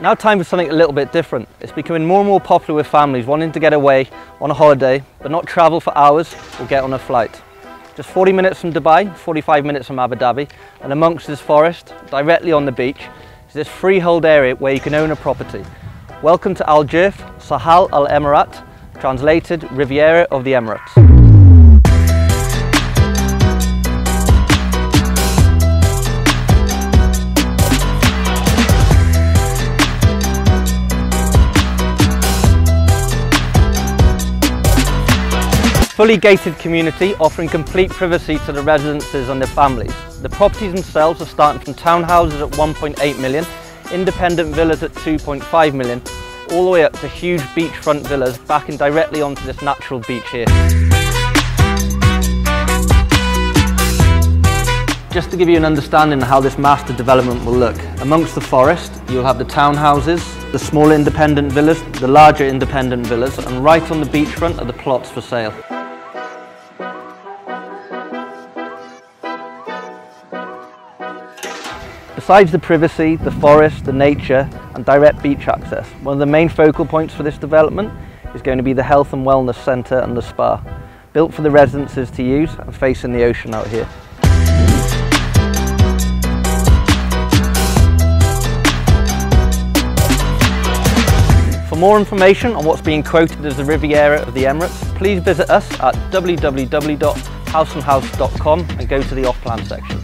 Now time for something a little bit different. It's becoming more and more popular with families wanting to get away on a holiday, but not travel for hours or get on a flight. Just 40 minutes from Dubai, 45 minutes from Abu Dhabi, and amongst this forest, directly on the beach, is this freehold area where you can own a property. Welcome to Al Jif, Sahal Al Emirat, translated Riviera of the Emirates. fully gated community offering complete privacy to the residences and their families. The properties themselves are starting from townhouses at 1.8 million, independent villas at 2.5 million, all the way up to huge beachfront villas backing directly onto this natural beach here. Just to give you an understanding of how this master development will look, amongst the forest you'll have the townhouses, the small independent villas, the larger independent villas and right on the beachfront are the plots for sale. Besides the privacy, the forest, the nature and direct beach access, one of the main focal points for this development is going to be the health and wellness centre and the spa, built for the residences to use and facing the ocean out here. For more information on what's being quoted as the Riviera of the Emirates, please visit us at www.houseandhouse.com and go to the off-plan section.